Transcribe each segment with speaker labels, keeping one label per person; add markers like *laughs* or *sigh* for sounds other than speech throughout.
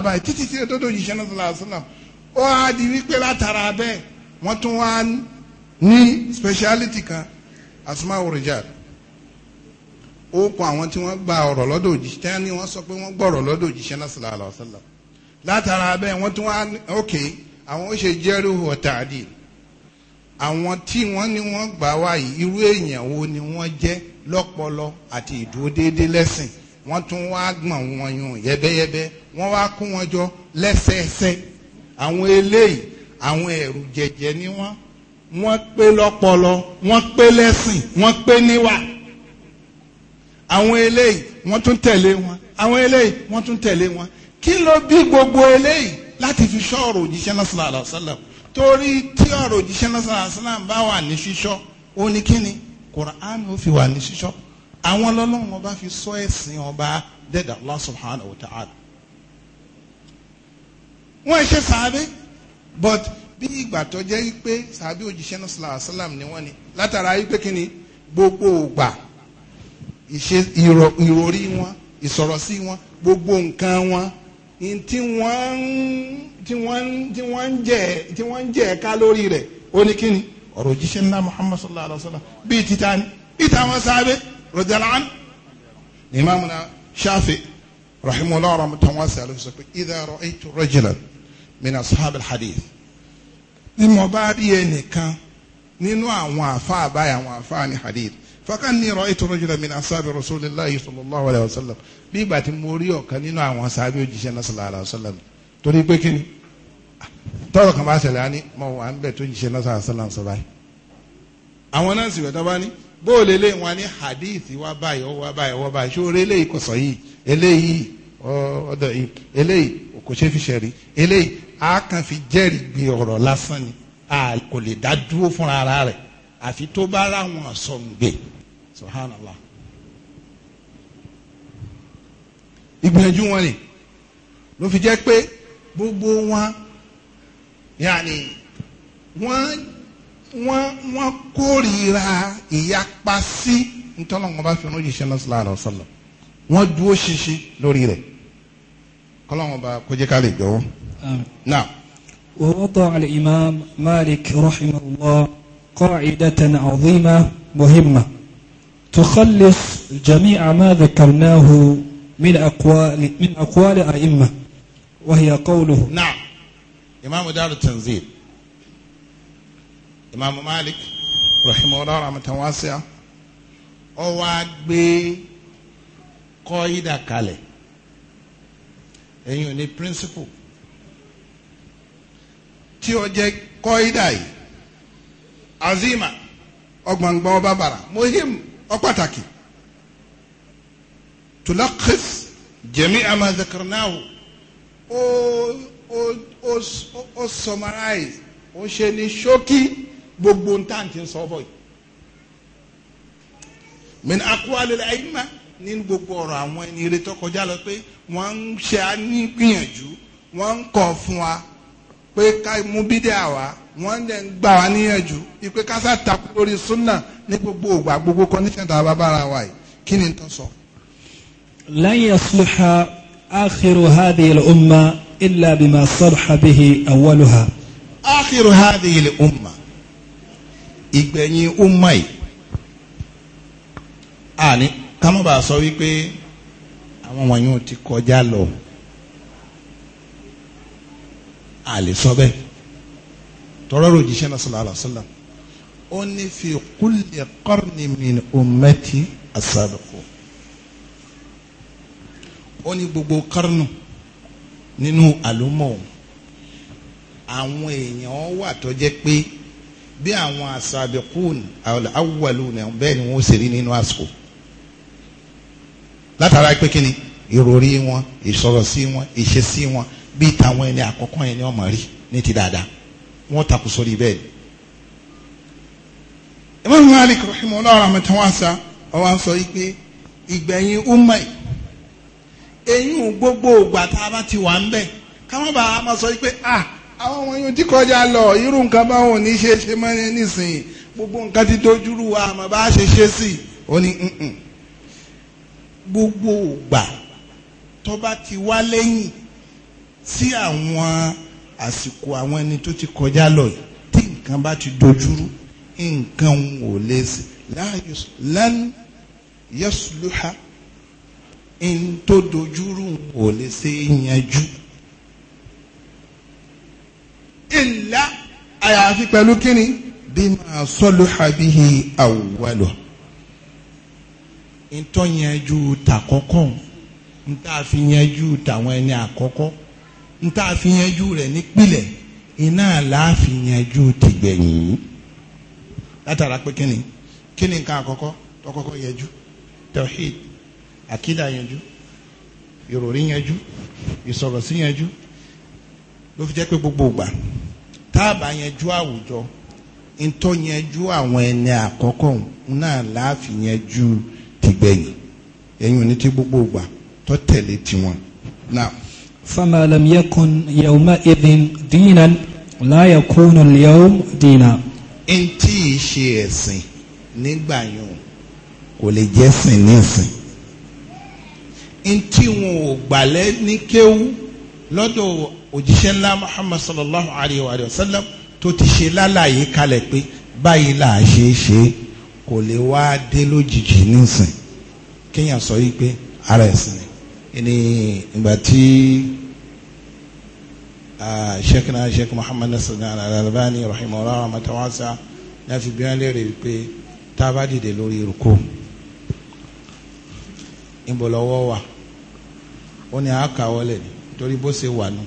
Speaker 1: àbáyé títí tí tó dòjì ṣẹ́ náà sọ́lá ó á di wípé látara bẹ́ẹ̀ wọ́n tún wá ní speciality kan asumaworo rijal ó kọ àwọn tí wọ́n gba ọ̀rọ̀ lọ́dọ̀ òjìṣẹ́ tí wọ́n ní wọ́n sọ pé wọ́n gbọ́rọ̀ lọ́dọ̀ òjìṣẹ́ náà sọ̀rọ̀ àlọ́ sọ̀rọ̀ látara bẹ́ẹ̀ wọ́n tún wá ok àwọn ó ṣe jẹ́rú ọ̀tá àdì àwọn tí wọ́n ní wọ́n gbà wá yìí irú èèyàn wo ni wọ́n jẹ́ lọ́pọlọ àti ìdúró lẹ́sìn wọ́n tún wá gbọ̀n wọn yun yẹ́bẹ́yẹ́bẹ́ wọ́n wá kó wọn jọ lẹ́sẹẹsẹ àwọn eléyìí àwọn ẹ̀rù jẹ̀jẹ̀ ni wọ́n wọ́n pé lọ́pọlọ wọ́n pé lẹ́sìn wọ́n pé níwà àwọn eléyìí wọ́n tún tẹ̀lé wọn àwọn eléyìí wọ́n tún tẹ̀lé wọn kí ló bí gbogbo eléyìí láti fi ṣọ́ ọ̀rọ̀ òjíṣẹ́ náà sallallahu alaihi wasallam torí tí ọ̀rọ̀ òjíṣẹ́ náà sallallahu alaihi bá wà ní ṣíṣọ́ ó ní kíni Qur'an ó fi wà ní ṣíṣọ́ àwọn lọ́lọ́run ọba fi sọ ẹ̀sìn ọba dẹ́dà Allah subhanahu wa ta'ala wọ́n ṣe sàábé but bí ìgbà tó jẹ́ pé sàábé òjíṣẹ́ náà sàlá àsálàm ni wọ́n ni látara yí pé kí ni gbogbo ògbà ìròrí wọn ìsọ̀rọ̀ sí wọn gbogbo nǹkan wọn tí wọ́n ń jẹ́ ẹ̀ka lórí rẹ̀ ó ní kí ni ọ̀rọ̀ òjíṣẹ́ ńlá Muhammad sallallahu alayhi wa sallam bíi títa ni ìta wọn sáré rọjàlán ni imaamuna Shafi rahimahullah rahmatan wasi'a ló sọ pé idha ra'aytu rajulan min ashab alhadith bí mo bá rí ẹnìkan nínú àwọn àfáà báyìí àwọn àfáà ní hadith fakan ní ra'aytu rajulan min ashabi rasulillahi sallallahu alayhi wa sallam bí ìgbà tí mo rí ọ̀kan nínú àwọn sábẹ́ òjíṣẹ́ náà sallallahu alayhi wa sallam torí pé kí ni tọrọ kan bá ṣẹlẹ̀ á ní mo wà ń bẹ̀ tó jíṣẹ́ náà sallallahu alayhi wa sallam sọ báyìí. àwọn náà sì wẹ̀ tó bá ní bóòlù eléyìí wọn ní hadith wá báyìí ó wá báyìí ó wá báyìí ṣé orí eléyìí kò sọ yìí eléyìí ọ̀dọ̀ yìí eléyìí kò ṣe fi ṣẹ̀rí eléyìí a kàn fi jẹ́rìí gbé ọ̀rọ̀ lásán ni a kò lè dá dúró fúnra ara rẹ̀ àfi tó bá ráwọn sọ̀ǹgbè subhanallah. ìgbìyànjú wọn ni ló fi jẹ́ pé gbogbo wọn yàní wọ́n wọ́n wọ́n kórìíra ìyapa sí ntọ́lọ́wọ́n bá fi ọ̀nà òjì ṣẹlẹ̀ sallallahu alaihi wasallam wọ́n dúró ṣinṣin lórí rẹ̀ kọ́lọ́wọ́n bá kó jẹ́ ká آمين. نعم ووضع الإمام مالك
Speaker 2: رحمه الله قاعدة عظيمة مهمة تخلص جميع ما ذكرناه من أقوال من أقوال أئمة
Speaker 1: وهي قوله نعم إمام دار التنزيل إمام مالك رحمه الله رحمة واسعة أو wá كالي أيوني principle tí ó jẹ́ kọ́ídà yìí azima ọgbọ̀ngbọ̀n ọba bàrà mohim ọpàtàkì tulakis jẹ̀mí amazakarnahu o o o o summarize o ṣe ní ṣókí gbogbo ntàǹtì ń sọ bọ́yì min akwalil aima ní gbogbo ọ̀rọ̀ àwọn ẹni eré tó kọjá lọ pé wọ́n ń ṣe á ní gbìyànjú wọ́n ń kọ̀ fún wa pé ká mú bídẹ́ àwa wọ́n dẹ̀ ń gbà wá níyànjú ìpè kásá takú lórí súnà ní gbogbo ògbà gbogbo kọ́ndíṣẹ̀ tá wa yìí kí ni tó sọ.
Speaker 2: lan yasluha akhiru hadhihi
Speaker 1: al-umma illa bima salaha bihi awwaluha. akhiru hadhihi al-umma ìgbẹ̀yìn umma yìí àní ká má bàa sọ wípé àwọn wọ̀nyí ò ti kọjá lọ a lè sọ bẹ́ẹ̀ tọrọ rò jíṣẹ́ náà sallallahu alaihi wasallam ó ní fi kulli qarni min ummati as-sabiqu ó ní gbogbo kárnù nínú àlùmọ̀ àwọn èèyàn wà tó jẹ́ pé bí àwọn as-sabiqun al-awwalun bẹ́ẹ̀ ni wọ́n ṣe rí nínú àsìkò látara pé kí ìròrí wọn ìsọ̀rọ̀ sí wọn ìṣesí wọn bíi tàwọn ẹni àkọ́kọ́ yẹn ni wọ́n mọ̀ rí ní ti dáadáa wọ́n takò sórí bẹ́ẹ̀ ni. Imam Malik rahimahullah rahmatan wasa ọwọ́ sọ wípé ìgbẹ̀yìn umma yìí eyín gbogbo ògbà tá a bá ti wà ń káwọn bá a máa sọ wípé ah àwọn ọmọ yóò ti kọjá lọ irú nǹkan báwọn ò ní ṣe ṣe mọ́ ní nísìnyí gbogbo nǹkan ti dojúrú wa àmọ́ bá a ṣe ṣe sí i ó ní gbogbo ògbà tó bá ti wá lẹ́yìn sí àwọn àsìkò àwọn ẹni tó ti kọjá lọ yìí tí nǹkan bá ti dojúrú nǹkan ò lè ṣe lan yasluha n tó dojúrú ò lè ṣe yanjú. illa àyàfi pẹ̀lú kíni bima sọluha bihi awwalo ntọ́ yanjú tàkọ́kọ́ ntọ́ àfi yanjú tàwọn ẹni àkọ́kọ́ nta fi yanjú rẹ̀ nípìlẹ̀ iná làá fi yanjú tìgbẹ̀yìn látara pé kíni kíni nǹkan àkọ́kọ́ tọkọ́kọ́ yanjú tawhid àkídà yanjú ìròrí yanjú ìsọ̀rọ̀ sí yanjú ló fi jẹ́ pé gbogbo ìgbà táàbà yanjú àwùjọ ntọ́ yanjú àwọn ẹni àkọ́kọ́ náà làá fi yanjú tìgbẹ̀yìn ẹ̀yìn òní tí gbogbo ìgbà tó tẹ̀lé tiwọn náà. فما
Speaker 2: لم يكن يومئذ دينا لا يكون اليوم دينا
Speaker 1: n tí ì ṣe ẹ̀sìn nígbà yẹn kò lè jẹ́ sìn nísìn n tí wọn ò gbàlẹ́ ní kéwú lọ́dọ̀ òjíṣẹ́ ńlá Muhammad sallallahu alayhi wa sallam tó ti ṣe lálàyé kalẹ̀ pé báyìí là á ṣe é ṣe kò lè wá dé lójijì nísìn kéèyàn sọ yìí pé ara ẹ̀sìn ni ni ìgbà tí ṣẹ́kìnà ṣẹ́kì Muhammad Nasruddin Al-Albani rahimahullah amatawasa náà fi bí wọ́n léèrè pé tá a bá dìde lórí rúkú níbo lọ́wọ́ wà ó ní àákàwọlẹ̀ ni torí bó ṣe wà nù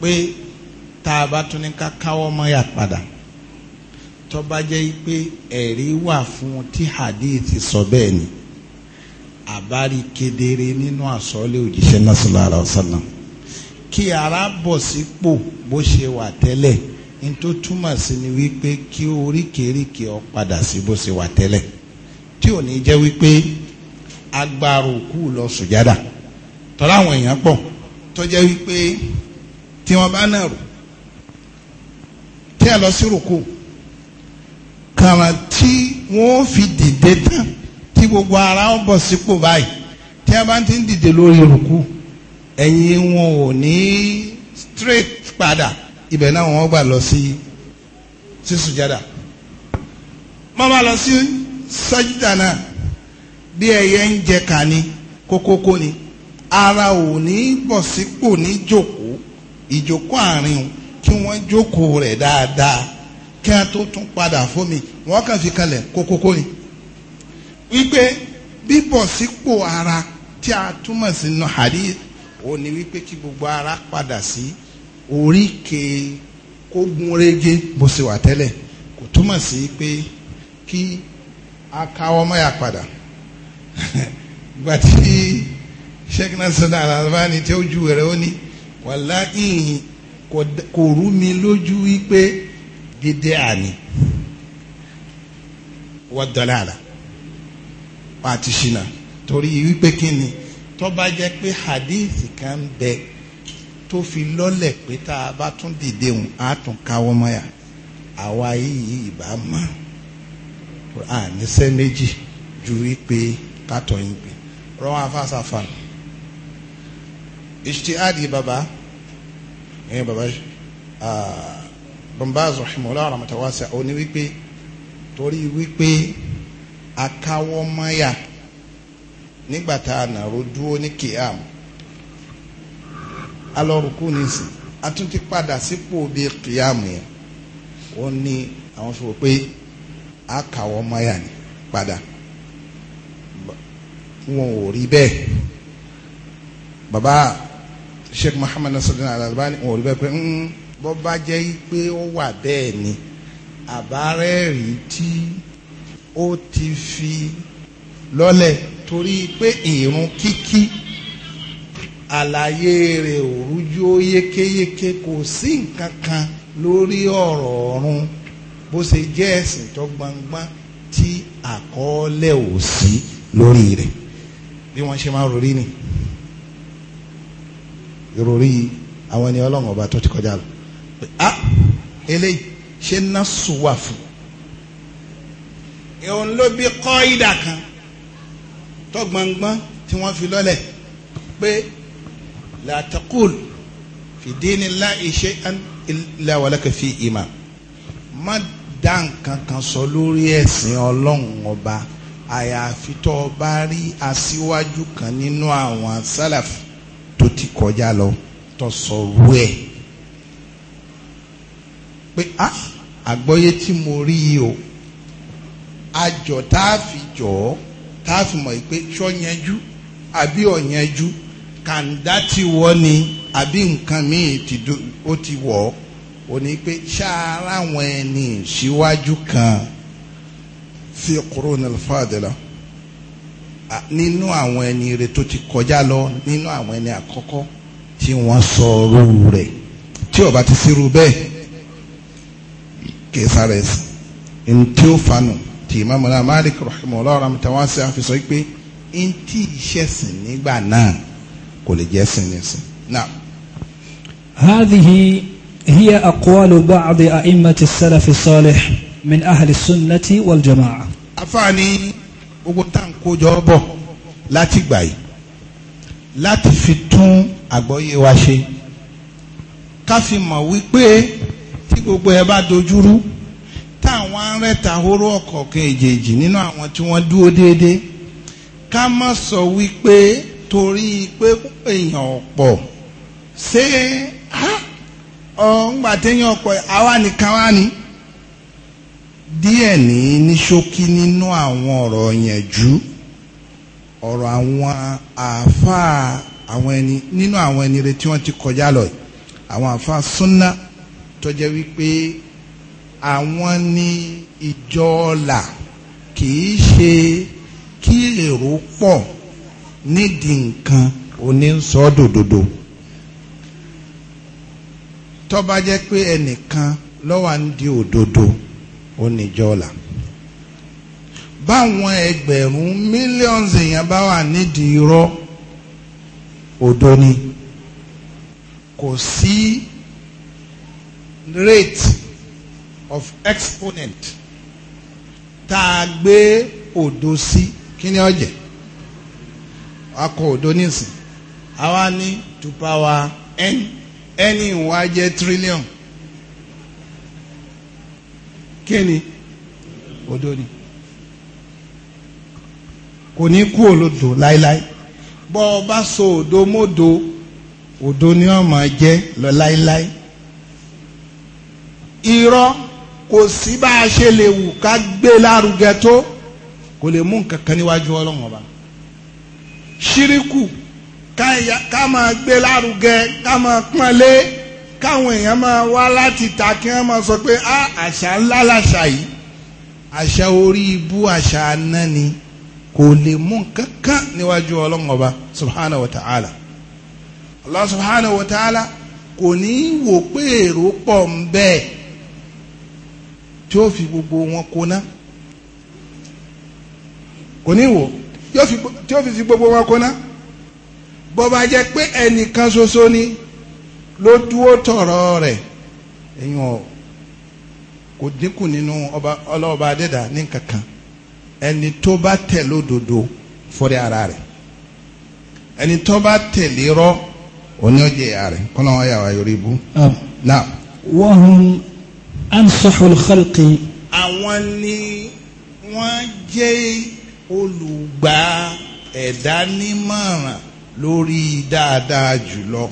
Speaker 1: pé tá a bá tún ní ká káwọ́ mọ́ yà tó bá jẹ́ pé ẹ̀rí wà fún tí hadith sọ bẹ́ẹ̀ ni àbárí kedere nínú àsọ́lé òjíṣẹ́ náà sallallahu alaihi wasallam kí ara bọ̀ sípò bó ṣe wà tẹ́lẹ̀ n tó túmọ̀ sí ni wípé kí oríkèéríkèé ọ padà sí bó ṣe wà tẹ́lẹ̀ tí ò ní jẹ́ wípé agbára òkú lọ sùjádà tọ́lá àwọn èèyàn pọ̀ tó jẹ́ wípé tí wọ́n bá náà rò tí ẹ lọ sí rùkú kàrà tí wọ́n fi dìde tán tí gbogbo ara ń bọ̀ sípò báyìí tí a bá ti ń dìde lórí rùkú ẹ̀yìn wọn ò ní straight padà ibẹ̀ náà wọ́n gbà lọ sí sísùjádà wọ́n bá lọ sí sájídà náà bí ẹyẹ ń jẹ kà ni kókókó ni ara ò ní bọ̀ sípò ní jòkó ìjòkó àárín kí wọ́n jókòó rẹ̀ dáadáa kí wọ́n tó tún padà fún mi wọ́n kàn fi kalẹ̀ kókókó ni wípé bíbọ̀ sípò ara tí a túmọ̀ sí nù hadith ó ní wípé kí gbogbo ara padà sí oríkèé kó gún régé bó ṣe wà tẹ́lẹ̀ kò túmọ̀ sí pé kí a ka ọmọ yà padà *laughs* ìgbà tí sheikh nasir al tí ó ju rẹ̀ ó ní wàláhì kò rú mi lójú wípé dídé àní wọ́n dọ́là àlà àti ṣìnà torí wípé kí ni tó bá jẹ́ pé hadith kan bẹ tó fi lọ́lẹ̀ pé tá a bá tún dìde òun á tún káwọ́ mọ́yà àwa yìí ìbá mọ́ àníṣẹ́ méjì ju wípé kátọ̀ yín gbé rọ́wọ́n afásáfà ìṣtíhádì bàbá ẹ̀yìn bàbá bàbá azọ̀hìmọ̀ ọlọ́run àmọ̀tàwáṣà ó ní wípé torí wípé akáwọ́ mọ́yà nígbà tá a nàró dúró ní kíám alọ́rùkú nìsín a tún ti padà sípò àwọn fi pé akáwọ́ ni pada wọn ò rí bẹ́ẹ̀ baba Sheikh Muhammad Nasiruddin Al-Albani wọn ò rí bẹ́ẹ̀ pé bọ́ bá jẹ́ pé ó wà bẹ́ẹ̀ ni àbárẹ́rìí tí ó ti fi lọ́lẹ̀ torí pé ìrun kíkí àlàyé rẹ̀ ò rújú ó yékéyéké kò sí nǹkan kan lórí ọ̀rọ̀ ọ̀run bó ṣe jẹ́ ẹ̀sìn tó gbangban tí àkọọ́lẹ̀ ò sí lórí rẹ̀ bí wọ́n ṣe máa rorí ni rorí àwọn ènìyàn ọlọ́run ọba tó ti kọjá lọ ah eléyìí ṣé násù wà fún òun ló bí kọ́ ìdà kan tó gbọ̀ngbọ́n tí wọ́n fi lọ́lẹ̀ pé la taqul fi dinillahi shay'an illa walaka fi imam má dá nǹkan kan sọ lórí ẹ̀sìn ọlọ́run ọba àyàfi tó o bá rí aṣíwájú kan nínú àwọn sálàf tó ti kọjá lọ tó sọ rú ẹ̀ pé a ah, àgbọ́yé tí mo rí o àjọ tá a fi jọ ọ́ tá a fi mọ̀ pé sọ́yẹ́njú àbí ọ̀yẹ́njú kàńdá ti wọ́ ni àbí nǹkan míì ó ti wọ̀ ọ́ ò ní pé ṣáára àwọn ẹni síwájú kan fi kúrò ní alfadela nínú àwọn ẹni rẹ tó ti kọjá lọ nínú àwọn ẹni àkọ́kọ́ tí wọ́n sọ ọrú rẹ̀ tí ó ti sírú bẹ́ẹ̀ kì í ó fanù tí imamuna malik rahimahullah rahmatawasi àfisọ pé n tí iṣẹ́ sìn nígbà náà kò lè jẹ́ sìn ní sìn. هذه هي أقوال
Speaker 2: بعض أئمة السلف الصالح من أهل السنة والجماعة
Speaker 1: àfààní ogun tá à ń kójọ bọ̀ láti gbà yìí láti fi tún àgbọ́yé wa ṣe ká fi mọ̀ wípé tí gbogbo ẹ bá dojúrú táwọn arẹ́ta horo ọ̀kọ̀ọ̀kan èjèèjì nínú àwọn tí wọ́n dúró déédéé ká má sọ wípé torí pé èèyàn ọ̀pọ̀ ṣé ọ̀ngbà téèyàn ọ̀pọ̀ àwa nìkan wá ni díẹ̀ ní ní ṣókí nínú àwọn ọ̀rọ̀ yẹn jù ọ̀rọ̀ àwọn àáfàá àwọn ẹni nínú àwọn ẹni rẹ tí wọ́n ti kọjá lọ àwọn àáfàá súnná tó wípé àwọn ni ìjọ ọ̀la kì í ṣe kí èrò pọ̀ nídìí nǹkan onísọdòdòdò tó bá jẹ́ pé ẹnìkan lọ́wọ́ ń di òdodo oníjọ ọ̀la báwọn ẹgbẹ̀rún mílíọ̀nù èèyàn bá wà nídìí irọ́ òdo ni kò sí rate of exponent tá a gbé òdo sí kí ni ó jẹ́ akọ òdo nísìn àwa ní to power n n ìwà jẹ́ trillion kí ni òdo ni kò ní kú òdo láéláé bọ́ ọ bá so òdo mọ́do òdo ni ó máa jẹ́ lọ láéláé irọ́ kò sí bá a ṣe lè wù ká gbé lárugẹ tó kò lè mú nǹkan kan níwájú ọlọ́run ọba ṣíríkù ká máa gbé lárugẹ ká máa pọ́nlé káwọn èèyàn máa wá láti ta kí wọ́n máa sọ pé á àṣà ńlá làṣà yìí àṣà orí ibú àṣà aná ni kò lè mú nǹkan kan níwájú ọlọ́run ọba subhanahu wa ta'ala Allah subhanahu wa ta'ala kò ní í wò pé èrò pọ̀ ń bẹ́ẹ̀. tí ó fi gbogbo wọn kóná kò ní wò tí ó fi fi gbogbo wọn kóná bọba jẹ pé ẹnìkan ṣoṣo ni ló dúró tọrọ rẹ̀ ẹ̀yin ọ̀ kò dínkù nínú ọlọ́ọ̀bá adẹ́dà ní kankan ẹni tó bá tẹ̀ lódodo ansahul khalqi. àwọn ni wọ́n jẹ́ olùgbà ẹ̀dá nímọ̀ràn lórí dáadáa jùlọ.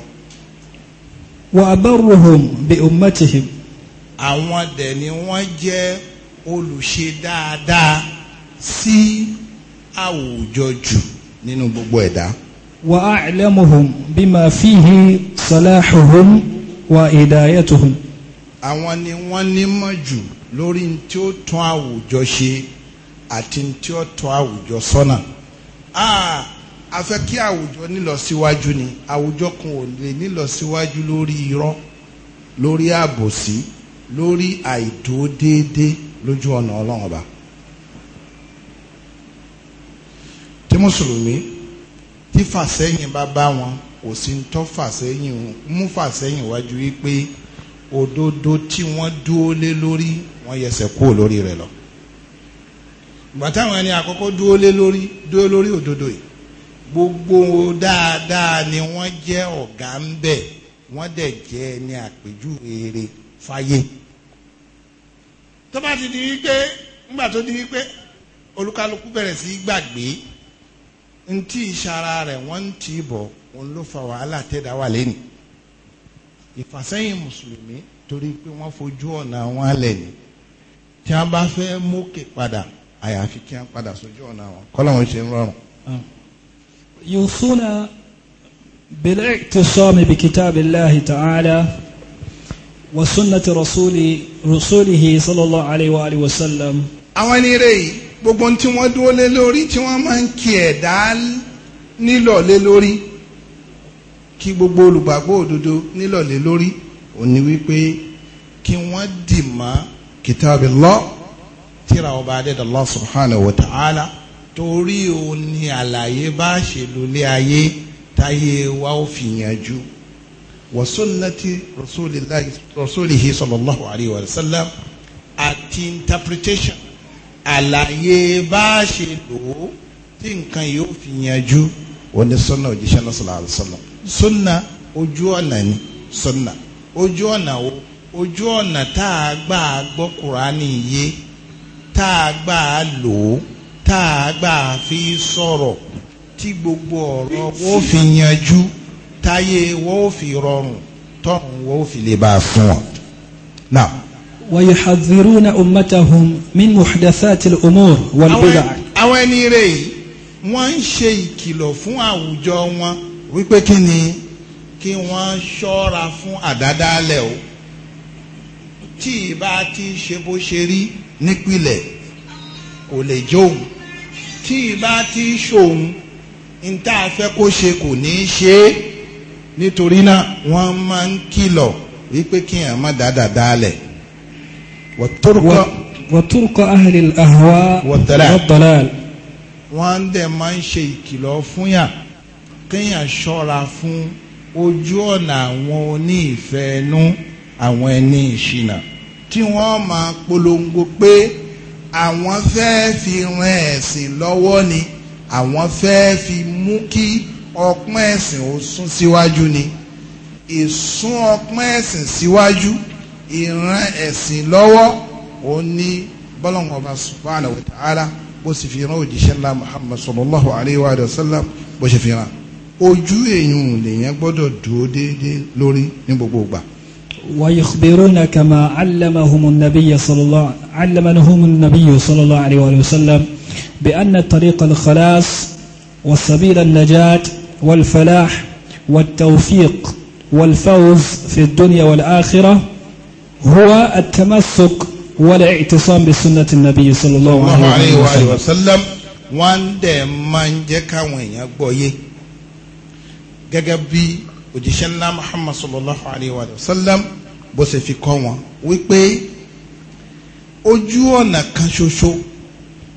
Speaker 2: wa abarruhum bi ummatihim.
Speaker 1: àwọn dẹ̀ ni wọ́n jẹ́ olùṣe dáadáa sí àwùjọ jù nínú gbogbo ẹ̀dá. wa a'lamuhum
Speaker 2: bima fihi salahuhum wa hidayatuhum
Speaker 1: àwọn ni wọ́n ní mọ̀ jù lórí tí ó tún àwùjọ ṣe àti tí ó tún àwùjọ sọ́nà a fẹ́ kí àwùjọ nílọsíwájú ni àwùjọ kan ò lè nílọsíwájú lórí irọ́ lórí àbòsí lórí àìdúródéédé lójú ọ̀nà ọlọ́run ọba tí mùsùlùmí tí fàsẹ́yìn bá bá wọn kò sí ń tọ́ fàsẹ́yìn mú fàsẹ́yìn wájú wípé òdodo tí wọ́n dúó lé lórí wọ́n yẹsẹ̀ kúrò lórí rẹ̀ lọ ìgbà táwọn ẹni àkọ́kọ́ dúó lé lórí dúó lórí òdodo yìí gbogbo dáadáa ni wọ́n jẹ́ ọ̀gá ń bẹ̀ wọ́n dẹ̀ jẹ́ ẹni àpèjúwe rere fáyé tó bá ti di wípé ńgbà tó di wípé olúkálukú bẹ̀rẹ̀ sí gbàgbé ntí ìsara rẹ̀ wọ́n ń tì í bọ̀ òun ló fa wàhálà tẹ́dá wà lẹ́nu ìfàsẹ́yìn mùsùlùmí torí pé wọ́n fojú ọ̀nà wọn alẹ̀ ni tí wọ́n bá fẹ́ mókè padà àyàfi kí wọ́n padà sójú ọ̀nà wọn kọ́ làwọn ṣe ń rọrùn. yusuna
Speaker 2: بالاعتصام بكتاب الله تعالى وسنة رسول رسوله صلى الله عليه وآله وسلم àwọn ẹni rẹ̀ yìí gbogbo tí
Speaker 1: wọ́n dúró lé lórí tí wọ́n máa ń kí ẹ̀dá nílò lé lórí kí gbogbo olùgbàgbọ́ òdodo nílọ̀lẹ́ lórí òní wípé kí wọ́n dì mọ́ kitabillah tíra ọba adédọ̀lọ́ subhanahu wa ta'ala torí òun ni àlàyé bá ṣe lólé ayé táyé wa ó fi yanjú wa sunnati rasulihi sallallahu alayhi wa sallam àti interpretation àlàyé bá ṣe lò ó tí nǹkan yóò fi yanjú onísọ́nà òjíṣẹ́ náà sallallahu alayhi sunna ojú ọ̀nà ni sunna ojú ọ̀nà wo ojú ọ̀nà tá a gbà gbọ́ kuraani yé tá a gbà lò ó tá a gbà fi sọ̀rọ̀ tí gbogbo ọ̀rọ̀ wọ́n fi yanjú táyé wọ́n fi rọrùn tọ́run wọ́n fi lè bá a fún wọn.
Speaker 2: now. ويحذرون أمتهم من محدثات الأمور والبدع.
Speaker 1: àwọn ẹni rẹ̀ yìí wọ́n ń ṣe ìkìlọ̀ fún àwùjọ wọn wípé kí ni kí wọ́n ṣọ́ra fún àdádálẹ̀ o tí ìbá ti ṣe bó ṣe rí nípìlẹ̀ kò lè jóun tí ìbá ti ṣòun n tá a fẹ́ kó ṣe kò ní í ṣe é nítorí náà wọ́n máa ń kìlọ̀ wípé kí èèyàn má dáadáa dálẹ̀ wàtúrkọ ahlil ahwa wàdàlá wọ́n dẹ̀ máa ń ṣe ìkìlọ̀ fún yàn kéèyàn ṣọ́ra fún ojú ọ̀nà àwọn oní ìfẹ́ ẹnu àwọn ẹni ìṣìnà tí wọ́n máa polongo pé àwọn fẹ́ẹ́ fi ran ẹ̀sìn lọ́wọ́ ni àwọn fẹ́ẹ́ fi mú kí ọpọ́n ẹ̀sìn ó sún síwájú ni ìsún ọpọ́n ẹ̀sìn síwájú ìran ẹ̀sìn lọ́wọ́ ó ní bọ́lọ̀ngàn ọba subhanahu wa ta'ala bó sì fi ran òjíṣẹ́ ńlá muhammad sallallahu alayhi wa sallam bó ṣe fi ran ojú èèyàn lèèyàn gbọ́dọ̀ dúró déédéé lórí ní gbogbo ìgbà.
Speaker 2: ويخبرون كما علمهم النبي صلى الله علمهم النبي صلى الله عليه وسلم بأن طريق الخلاص وسبيل النجاة والفلاح والتوفيق والفوز في الدنيا والآخرة هو التمسك والاعتصام بسنة النبي صلى الله عليه
Speaker 1: وسلم وان دي من جكا وين gẹ́gẹ́ bí òjíṣẹ́ ńlá muhammad sallallahu alayhi wa sallam bó ṣe fi kọ́ wọn wípé ojú ọ̀nà kan ṣoṣo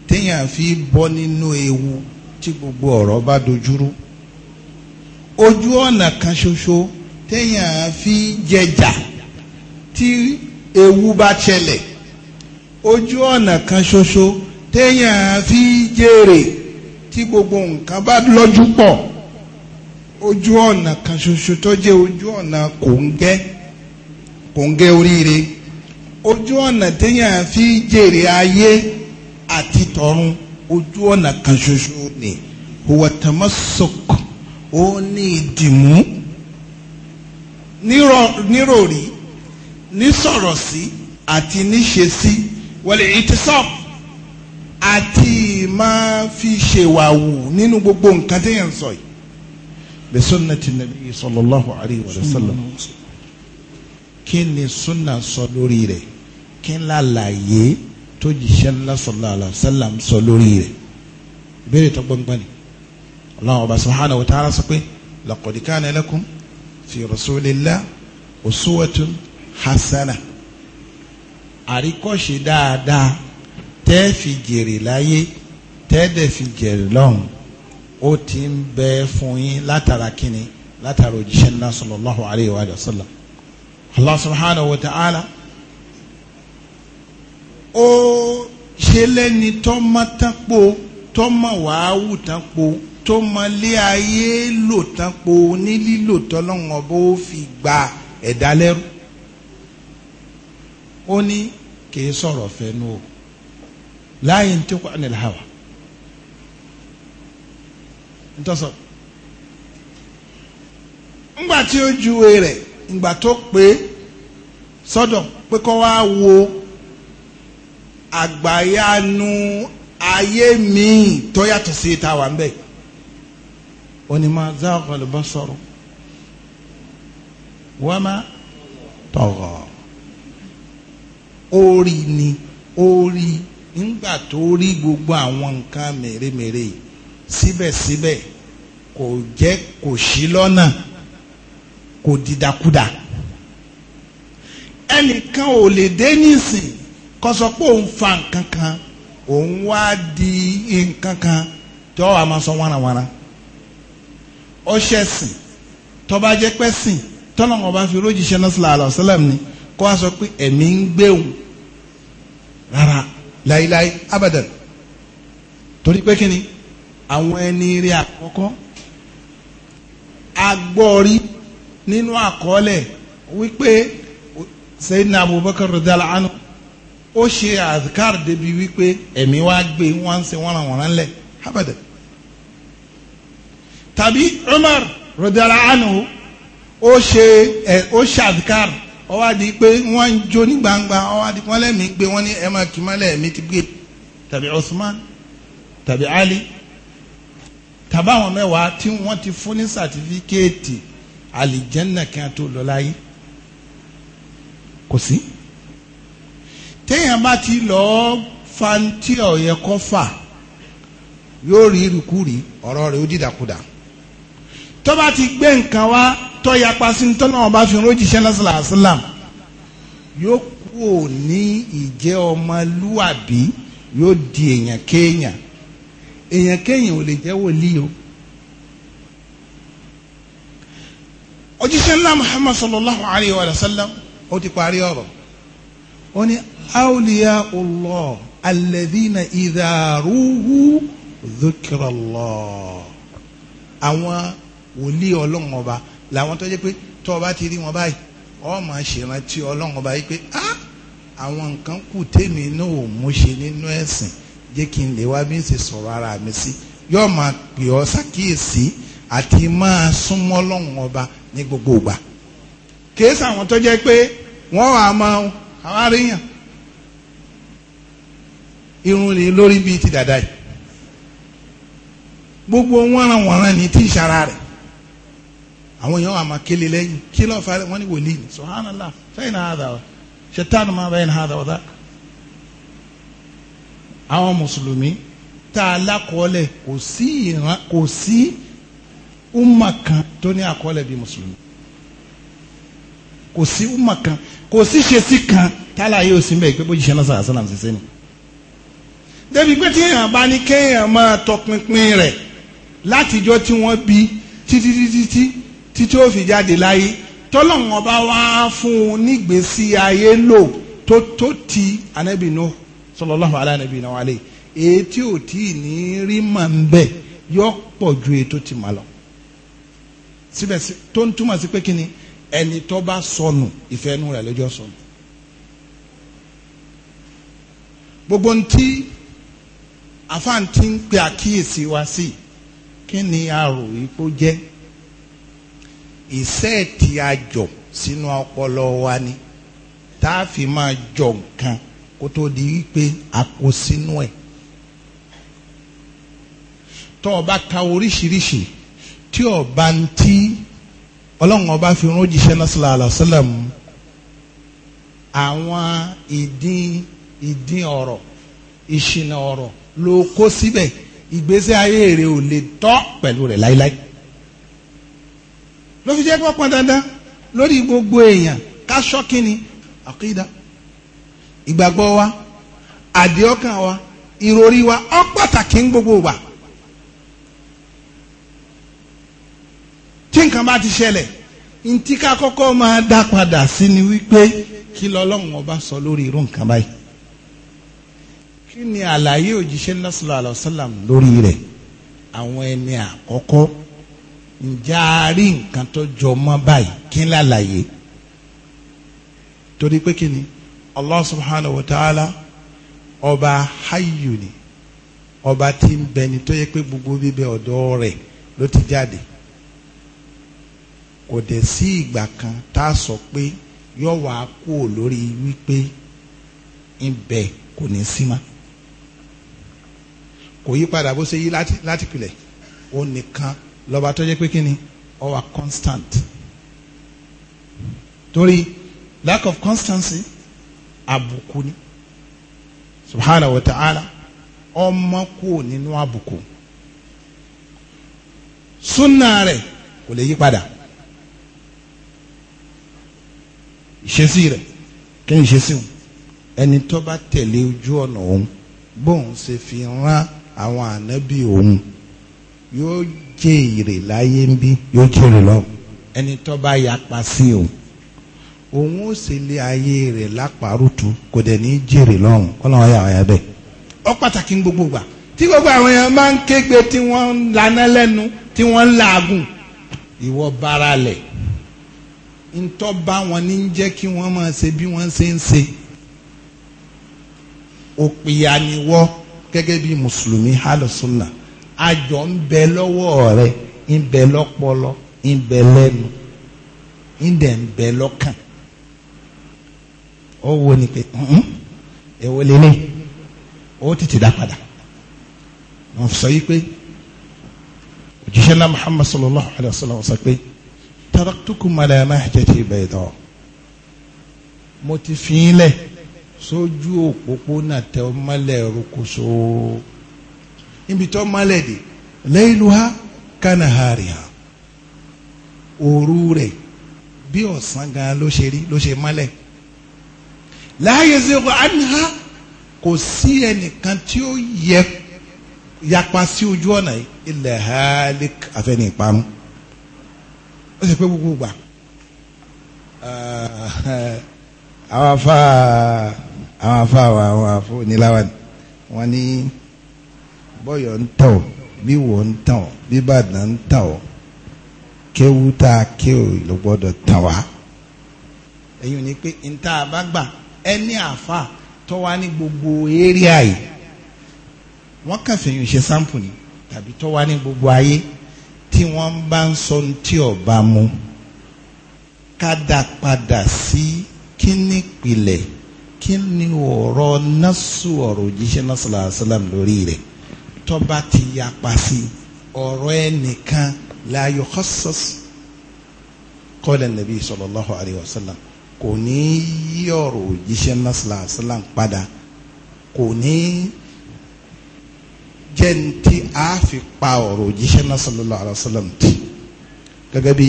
Speaker 1: téèyàn fi bọ́ nínú ewu tí gbogbo ọ̀rọ̀ bá dojúrú ojú ọ̀nà kan ṣoṣo téèyàn fi jẹjà tí ewu bá ṣẹlẹ̀ ojú ọ̀nà kan ṣoṣo téèyàn fi jèrè tí gbogbo nǹkan bá lọ́jú pọ̀. ojú ọ̀nà kan ṣoṣo tó jẹ́ ojú ọ̀nà ń kòńgẹ́ oríire ojú ọ̀nà téèyàn fi jèrè ayé àti tọ̀run ojú ọ̀nà kan ṣoṣo ni huwatamasok ó ní ìdìmú nírọ̀rí nísọ̀rọ̀ sí àti níṣe sí wal àti máa fi ṣèwàwù gbogbo nǹkan téèyàn sọ yìí بسنة النبي صلى الله عليه وسلم kí ni sunna sọ lórí rẹ̀ kí n lálàyé tó jíṣẹ́ ńlá sallallahu alaihi wasallam sọ lórí rẹ̀ ìbéèrè tó gbọ́ngbọ́n ni Allah ọba subhanahu wa ta'ala sọ pé laqad kana lakum fi rasulillah uswatun hasanah àríkọ́ṣe dáadáa tẹ́ẹ̀ fi jèrè láyé tẹ́ẹ̀ dẹ̀ fi jèrè lọ́hùn ó ti ń bẹ fún yín látara kíni látara òjíṣẹ́ ńlá sallallahu alayhi wa sallam Allah subhanahu wa ta'ala ó ṣe lẹ́ni tọ́mọ́tánpo tọ́mọ̀wáwù tánpo tọ́mọlé ayé lò tánpo ní lílò tọ́lọ́wọ́n bó fi gba ẹ̀dá lẹ́rú ó ní kì í sọ̀rọ̀ fẹ́nu o láyé ń tẹ́kọ̀ọ́ nílẹ̀ hàwà ntọ́sọ. ngbà tí ó juwe rẹ̀ ngbà tó pé sọ́dọ̀ pé kọ́ wá wo àgbáyanu ayé míì tó yàtọ̀ sí ta wà ń bẹ̀. onímọ̀ zákàlù bá sọ̀rọ̀ wọ́n má tọ̀gọ̀ orí ni orí nígbà tó rí gbogbo àwọn nǹkan mèremère yìí síbẹ̀síbẹ̀ kò jẹ́ kò sí lọ́nà kò dìdàkudà ẹnìkan ò lè dé nísìn kó sọ pé òun fa nǹkan kan òun wá di nǹkan kan tí wọ́n wà máa sọ wánawàna ọṣẹ sìn tọba jẹ pẹ́ sìn tọ́lọ́mọ bá fi rójìṣẹ́ náà sílẹ̀ àlọ́sílẹ̀m ni kó wá sọ pé ẹ̀mí ń gbéhùn rárá láíláí abadan torí pé kí ni àwọn ẹni rí àkọ́kọ́ agbọ́rí nínú àkọọ́lẹ̀ wípé Sayyidina Abubakar radala anu ó ṣe azkar débi wípé ẹ̀mí wá gbé wọ́n ṣe wọ́n ràn wọ́n lẹ̀ habada tàbí Umar radala anu ó ṣe ẹ̀ ó ṣe azkar ó wá di pé wọ́n ń jó ní gbangba ó wá di wọ́n lẹ́mìí gbé wọ́n ní ẹ̀ máa kì í mọ́lẹ̀ ti gbé tàbí Usman tàbí Ali tàbá àwọn mẹ́wàá tí wọ́n ti fún ní sàtífíkẹ́ẹ̀tì àlìjẹ́nà kí wọ́n tó lọ láyé kò sí. téèyàn bá ti lọ́ọ́ fantí ọ̀yẹ́ kọ́ fà yóò rí irukúri ọ̀rọ̀ rẹ̀ ó dìdàkudà tó bá ti gbé nǹkan wá tó yapa sí tọ́nà ọba fi rojíṣẹ́ lásìlàsílàm yóò kú ò ní ìjẹ́ ọmọlúwàbí yóò di èèyàn kéèyàn èèyàn kéèyàn ò lè jẹ́ wòlíì o. ojúṣe ńlá muhammad sallallahu alayhi wa sallam ó ti parí ọ̀rọ̀ ó ní awliya Allah alladhina idha ruhu dhukira Allah àwọn wòlíì ọlọ́run ọba làwọn tó jẹ́ pé tó o bá ti rí wọn báyìí ọ máa ṣèrántí ọlọ́run yìí pé ah, àwọn nǹkan kù tèmi náà ò mú ṣe nínú ẹ̀sìn jẹ́ kí n lè wá bí n ṣe sọ̀rọ̀ ara mi sí yóò máa pè ọ́ ṣàkíyèsí àti máa súnmọ́ lọ́hùn ọba ní gbogbo ìgbà kèésì àwọn tó jẹ́ pé wọ́n wà á máa àwọn aríyàn irun ni lórí bíi ti dàda yìí gbogbo wọ́nranwọ̀nran ni tí ìṣara rẹ̀ àwọn èèyàn wà máa kélé lẹ́yìn kí lọ́ọ́ fa wọ́n ní wòlíì subhanallah fẹ́yìn náà hàdà wa ṣètàn máa bẹ́yìn náà hàdà dáa àwọn mùsùlùmí tá a lákọọ́lẹ̀ kò sí ìran kò sí umma kan tó ní àkọọ́lẹ̀ bíi mùsùlùmí kò sí umma kan kò sí ṣesí kan tálà yóò sí mbẹ́ pé bó jíṣẹ́ lọ́sàn àṣà làm ṣiṣẹ́ ni. débi pé tí èèyàn bá ní kéèyàn máa tọpinpin rẹ̀ látijọ́ tí wọ́n bí títí títí tí títí ó fi jáde láyé tọ́lọ́run wá fún un nígbésí ayé lò tó tó ti anábìínú sallallahu ala nabiyina wa alayhi ètí ò tí ì ní rí mà ń bẹ yọ pọ̀ ju ètò ti mà lọ síbẹ̀síbẹ̀ tó ń túmọ̀ sí pé kí ni ẹni tó bá sọnù ìfẹ́nu rẹ̀ lọ́jọ́ sọnù gbogbo ntí àfáàntí ń pe àkíyèsí wa sí kí ni arò ipò jẹ́ ìṣẹ́ẹ̀tì àjọ sínú ọpọlọ wa ni tá a fi máa jọ nǹkan kó tó di wípé a kó sínú ẹ̀ tó o bá ka oríṣiríṣi tí o bá ń tí ọlọ́run ọba fi rán òjíṣẹ́ náà sallallahu alaihi wasallam àwọn ìdín ìdín ọ̀rọ̀ ìṣìnà ọ̀rọ̀ ló kó síbẹ̀ ìgbésẹ̀ ayé rẹ̀ ò lè tọ́ pẹ̀lú rẹ̀ láíláí ló fi jẹ́ pọ́pọ́n dandan lórí gbogbo èèyàn ká ṣọ́kínni àkídà ìgbàgbọ́ wa àdéhọ́kàn wa ìròrí wa ó pàtàkì ń gbogbo wa tí nǹkan bá ti ṣẹlẹ̀ ntí ká kọ́kọ́ máa dá padà sí ni wípé kí lọ́lọ́run ọba sọ lórí irú nǹkan báyìí kí ni àlàyé òjíṣẹ́ ńlá sallallahu alaihi wasallam lórí rẹ̀ àwọn ẹni àkọ́kọ́ ǹjẹ́ a rí nǹkan tó jọ mọ́ báyìí kí ń lálàyé torí pé kí ni Allah subhanahu wa ta'ala ọba hayyu ni ọba tí ń bẹ ni tó yẹ pé gbogbo bíbẹ ọ̀dọ̀ rẹ̀ ló ti jáde kò dẹ̀ sí ìgbà kan tá a sọ pé yọ wá kú lórí wípé ibẹ̀ kò ní sí ma kò yí padà bó ṣe yí láti láti pilẹ̀ ó nìkan lọ́ba tó jẹ́ pé kí ni ó constant torí lack of constancy àbùkù ni subhanahu wa ta'ala ọmọ kúrò nínú àbùkù súnà rẹ̀ kò lè yí padà ìṣesí rẹ kí ni ìṣesí òun ẹni tó bá tẹ̀lé ojú ọ̀nà òun bóun ṣe fi rán àwọn ànábì òun yóò jẹ́ èrè láyé ń bí yóò jẹ́ èrè lọ́wọ́ ẹni tó bá yapa sí òun. òun ó ṣèlè ayé rẹ̀ lápárùtù kò dẹ̀ ní jèrè lọ́rùn kọ́lọ́wọ́ yà wáyà bẹ́ẹ̀ ọ pàtàkì ń gbogbo gbà tí gbogbo àwọn èèyàn máa ń kégbe tí wọn ń laná lẹ́nu tí wọn ń làágùn ìwọ bara lẹ̀ ntọ́ bá wọn ní jẹ́ kí wọ́n máa ṣe bí wọ́n ṣe ń ṣe òpìyà ni wọ́ gẹ́gẹ́ bí mùsùlùmí halosunna àjọ ń bẹ lọ́wọ́ rẹ̀ ń bẹ lọ́pọlọ ń bẹ lẹ́nu ń dẹ̀ ń bẹ lọ́kàn. ó wo ni pé èwo lélẹ̀ ó tètè dá padà wọ́n sọ yí pé òjíṣẹ́ náà Muhammad sallallahu alayhi wa sallam sọ pé taraktukum ala mahjati bayda mo ti fi í lẹ̀ sójú òpópónà tẹ ọ mọ́lẹ̀ rokoṣo níbi tọ́ mọ́lẹ̀ dé layluha kanahariha òru rẹ̀ bí ọ̀sán gan ló ṣe rí ló ṣe mọ́lẹ̀ láàyè zero anha kò sí ẹnìkan tí ó yẹ yapa sí ojú ọ̀nà yìí ilẹ̀ halik afẹ́ni ìparun ó sì pé gbogbo gbà àwọn afá àwọn afá wa àwọn afọ níláwa ni wọn ní bọ́yọ̀ ń tàn ọ́ bí wọ́n ń tàn ọ́ bí bàdàn ń tàn ọ́ kéwú tá a kéwú ló gbọ́dọ̀ tàn wá ẹ̀yin ní pé ń tá bá gbà ẹni àfa tó wà ní gbogbo area yìí wọ́n kàn fẹ̀yìn ṣe sáǹpù ni tàbí tó wà ní gbogbo ayé tí wọ́n bá ń sọ tí ọba mu ká dá padà sí kí ni ìpìlẹ̀ kí ni ọ̀rọ̀ násù ọ̀rọ̀ òjíṣẹ́ náà sọ̀rọ̀ lórí rẹ̀ tọ́ba ti yapa sí ọ̀rọ̀ ẹnìkan la yukhassas qala nàbí sallallahu alayhi wa sallam kò ní yí ọ̀rọ̀ òjíṣẹ́ nasala salam padà kò ní jẹ́ ní tí a fi pa ọ̀rọ̀ òjíṣẹ́ nasala alasalam ti gẹ́gẹ́ bí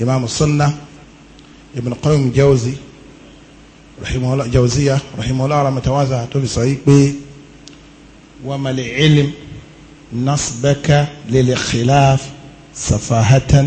Speaker 1: imaamu sunna ibn qayyim jawzi rahimahullah jawziya rahimahullah ramatawaza tó fi sọ yìí pé wàmàlẹ̀ ilim nasbaka lil khilaf safahatan.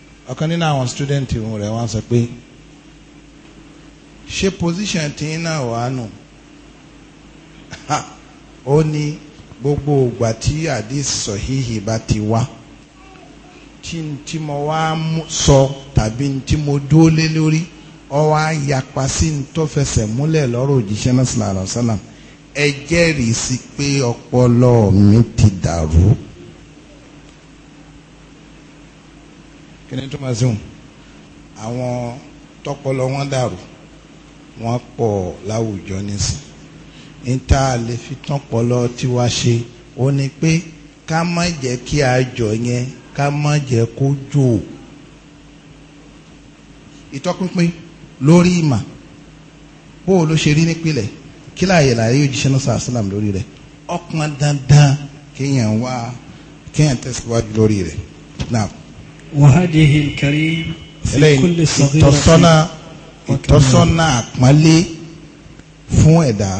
Speaker 1: ọ̀kan nínú àwọn student rẹ̀ wọ́n sọ pé ṣé position tí ń náà wà nù ó ní gbogbo ìgbà tí hadith sọ̀híhì bá ti wá tí tí mo wá sọ tàbí tí mo dúró lé lórí ọ wá yapa sí ní tó fẹsẹ̀ múlẹ̀ lọ́rọ̀ òjíṣẹ́ náà sallallahu ẹ jẹ́rìí sí pé ọpọlọ mi ti dàrú. kí ni túmọ̀ sí wọn àwọn tọpọlọ wọn dàrú wọn pọ̀ láwùjọ nísìn ní tá a lè fi tọpọlọ tiwa ṣe ó ní pé ká má jẹ́ kí àjọ yẹn ká má jẹ́ kó jò ìtọ́pinpin lórí ìmọ̀ bó o ló ṣe rí nípìnlẹ̀ kí láàyè láàyè òjíṣẹ́ náà sàásìlám lórí rẹ̀ ọkùnrin dandan kéèyàn wá kéèyàn tẹ̀síwájú lórí rẹ̀ náà.
Speaker 2: وهديه الكريم في كل صغيرة ìtọ́sọ́nà
Speaker 1: ìtọ́sọ́nà àpọ́nlé fún ẹ̀dá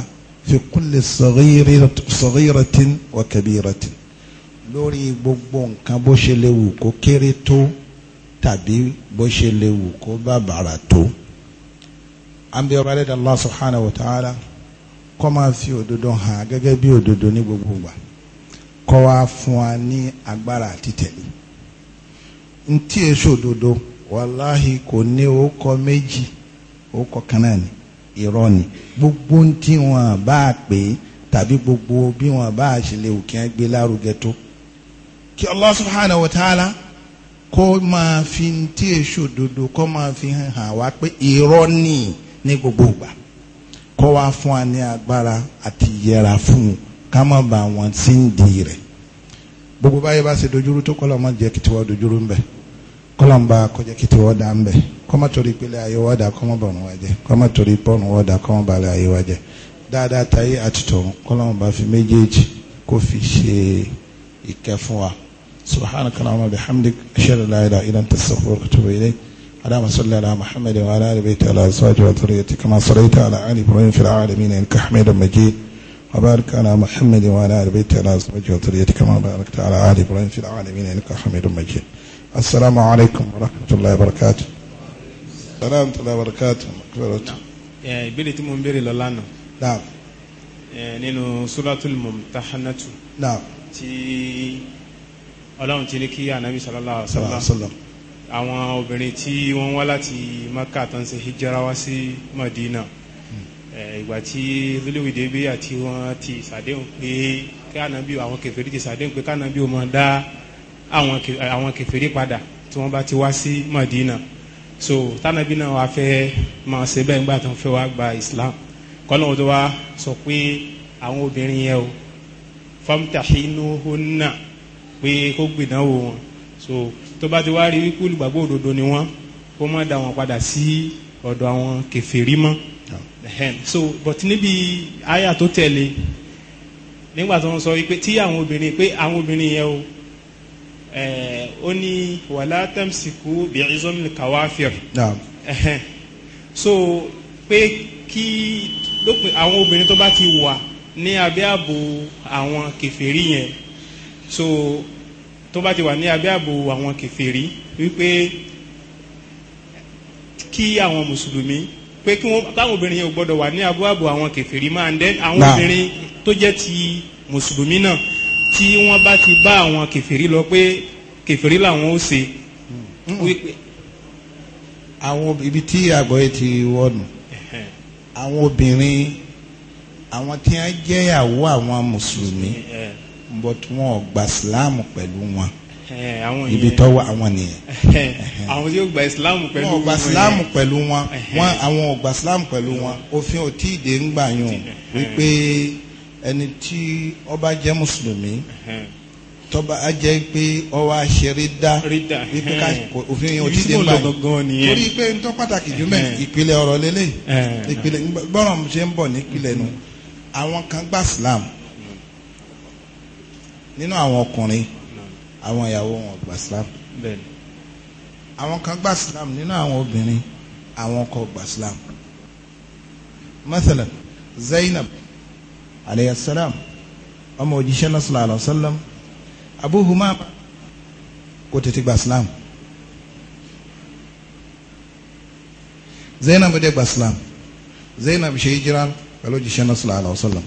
Speaker 1: fi kulli saghiratin wa kabiratin lórí gbogbo nǹkan bó ṣe lè wù kó kéré tó tàbí bó ṣe lè wù kó bàbàrà tó. àmì ọ̀rọ̀ ẹ̀dá Allah subhanahu wa ta'ala kó máa fi òdodo hàn gẹ́gẹ́ bí òdodo ní gbogbo ìgbà kó wá fún wa ní agbára àti tẹ̀lé ntí èso e òdodo wàláhì kò ní orúkọ méjì orúkọ kan ni irọ́ ni gbogbo ntí wọn bá pè é tàbí gbogbo bí wọn bá ṣe lè wù gbé lárugẹ tó kí Allah subhanahu wa ta'ala kó máa fi ntí èso e òdodo kó máa fi hàn wá pé irọ́ ni ní gbogbo ìgbà kó wá fún wa ní agbára àti yẹra fún un ká má ba àwọn tí ń di rẹ̀ gbogbo báyìí bá ṣe dojúrú tó kọ́lọ́ mọ́ jẹ́ kí tiwọ́ ń bẹ̀ kọ́lọ́ ń ba kọjá kí dá ń bẹ̀ kọ́mọ́ torí pélé ayé wá dá kọ́mọ́ bọ̀rùn wá jẹ́ kọ́mọ́ torí pọ́rùn wá dá kọ́mọ́ balẹ̀ ayé wá jẹ́ dáadáa táyé àti tọ̀run kọ́lọ́ ń ba fi méjèèjì kó fi ṣe ìkẹ́ fún wa subhanaka allahumma bihamdik ashhadu an la ilaha illa anta astaghfiruka wa atubu ilayk اللهم صل على محمد وعلى ال بيته وعلى ازواجه وذريته كما صليت على ال ابراهيم في العالمين انك حميد مجيد وبارك على محمد وعلى آل بيته على أزواجه وذريته كما باركت على آل إبراهيم في العالمين إنك حميد مجيد السلام عليكم ورحمة الله وبركاته السلام ورحمة الله وبركاته مقبرته
Speaker 3: ìbéèrè tí mo ń béèrè lọ lánàá. naam. nínú suratul mumtahanatu. naam. tí ọlọ́run ti ní kí anabi sallallahu alaihi wasallam. àwọn obìnrin tí wọ́n wá láti maka tó ń ṣe hijira wá sí madina. Eh, ìgbà tí lólèwìdè bí àti wọn ti ṣàdéhùn pé kí ànábì àwọn kèfèrí ti ṣàdéhùn pé kánábì ó máa dá àwọn kèfèrí padà tí wọ́n bá ti wá sí Madina so tánábì náà wàá fẹ́ máa ṣe bẹ́ẹ̀ nígbà tó ń fẹ́ wá gba Islam kọ́lọ́wọ́ tó wá sọ pé àwọn obìnrin yẹn o famtahinuhunna pé kó gbìdánwò wọn so tó bá ti wá rí wípé olùgbàgbọ́ òdodo ni wọ́n kó má dá wọn padà sí ọ̀dọ̀ àwọn kèfèrí mọ́ so but níbi àyà tó tẹ̀lé nígbà tó ń sọ wípé tí àwọn obìnrin pé àwọn obìnrin yẹn o eh, ó ní wàlá tẹ́msìkú bí ìzọ́mìlì kàwáfíà so pé kí lópin àwọn obìnrin tó bá ti wà ní abẹ́ ààbò àwọn kèfèrí yẹn so tó bá ti wà ní abẹ́ ààbò àwọn kèfèrí wípé kí àwọn mùsùlùmí pé kí wọ́n táwọn obìnrin yẹn ò gbọ́dọ̀ wà ní abúàbò àwọn kèfèrí máa ń dẹ́ àwọn obìnrin tó jẹ́ ti mùsùlùmí náà tí wọ́n bá ti bá àwọn kèfèrí lọ pé kèfèrí làwọn ó ṣe. àwọn
Speaker 1: ibi tí àgbọ̀yé ti wọ̀nù àwọn obìnrin àwọn tí wọ́n jẹ́yàwó àwọn mùsùlùmí but wọn ò gba síláàmù pẹ̀lú wọn.
Speaker 3: Eh, ibi tó wà àwọn nìyẹn. Eh, àwọn tí ó gba islam pẹ̀lú wọn. wọn gba islam
Speaker 1: pẹ̀lú wọn wọn àwọn ò gba islam pẹ̀lú wọn òfin ò tí ì dé ń gbà yàn eh, wípé ẹni tí ó jẹ́ mùsùlùmí tó a jẹ́ pé ọwọ́ àṣẹrí dá wípé ká òfin yẹn ò tí ì dé báyìí torí pé n tó pàtàkì jùmọ̀ ìpìlẹ̀ ọ̀rọ̀ lélẹ̀ ìpìlẹ̀ gbọ́ràn ṣe ń bọ̀ nípìlẹ̀ nu mm-hmm. àwọn kan gba Islam mm-hmm. nínú àwọn ọkùnrin àwọn ìyàwó wọn gba Islam àwọn kan gba Islam nínú àwọn obìnrin àwọn kò gba Islam mathalan Zainab aleyhisselam ọmọ òjíṣẹ́ náà sallallahu alayhi wa sallam Abu kò tètè gba Islam Zainab dẹ̀ gba Islam Zainab ṣe hijira pẹ̀lú òjíṣẹ́ náà sallallahu